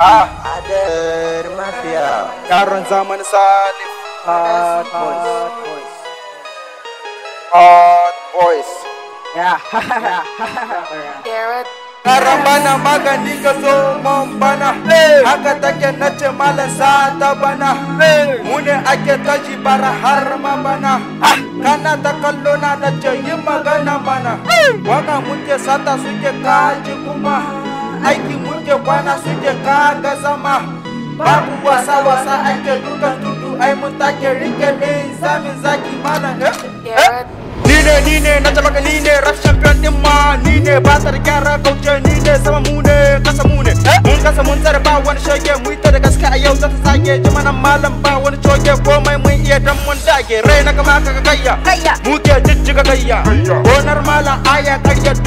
Adar Mafia. Yaron zaman Salif. Hot Boys. Hot Boys. bana magani ka so man bana haka take na ce malam ta bana mu ake tashi bara har ma bana ah. kana ta kallo na na ce yi magana bana waka muke sata suke kaji kuma aiki muke kwana suke kaga zama babu wasa wasa ake dukan tudu ai mun take rike min samin zaki mana eh? eh? ni ne ni ne na jamaka ni ne rap champion din ma ni ne basar gyara kauce ni ne sama mu ne kasa mu ne eh? mun kasa mun tsare ba wani shoge mu ita da gaske a yau zata sake ji mana malam ba wani coge komai mun iya dan mun dage rai na kama ka kayya mu ke jijjiga kayya gonar malam aya kayya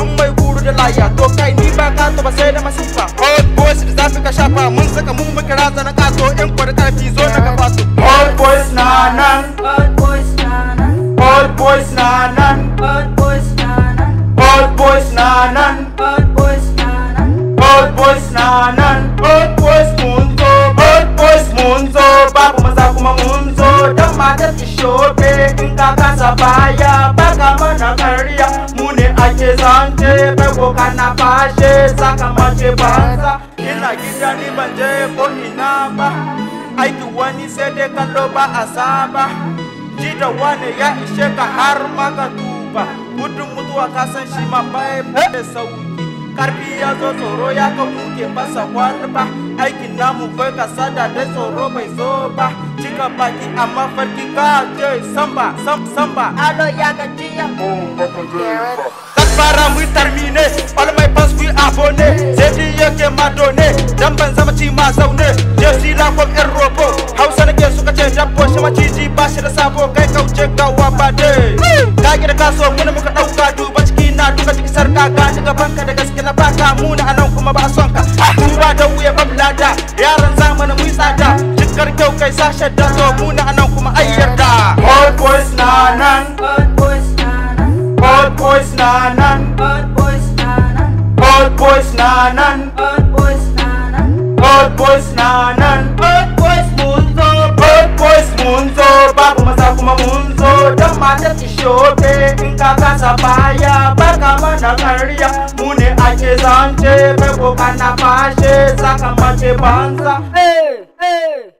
kai da masifa old boys da zafi ka shafa mun saka mun muka raza na kaso in kwar karfi zo na kafa su old boys na nan old boys na nan old boys na nan old boys na nan old boys na nan old boys na nan old boys na nan old boys mun zo old boys mun zo babu maza kuma mun zo dan matar ki shobe in ka kasa baya baka mana karya mu ne ake zance jego kana fashe saka mace banza ina gida ni ban ko aiki wani sai dai kallo ba a ya ishe ka har maka tuba gudun mutuwa ka san shi sauki ya tsoro ya ka muke fasa kwalba aikin namu bai kasa da dai tsoro bai zo ba baki amma samba samba alo ya fara mu termine all my fans we abone sai ji yake ma done dan ban zama ci ma zaune jesi la kom yan robo hausa nake suka ce dabbo shi maciji ba da sabo kai kauce gawa ba de ka gida ka so mun muka dauka duba ciki na duka ciki sarka ga ni gaban da gaske na baka mu na anan kuma ba son ka duba da wuya bablada yaran zamanin mu tsada jikar kyau kai sashen da so mu na anan kuma ayyarda all boys na nan nanan Bad boys nanan Bad boys nanan Bad boys nanan Bad boys nanan Bad boys munzo Bad boys munzo Babu maza ma munzo Dan mata su shote In ka kasa baya Baka mana karya Mune ake zance Bebo kana fashe Saka mace banza Hey! Hey!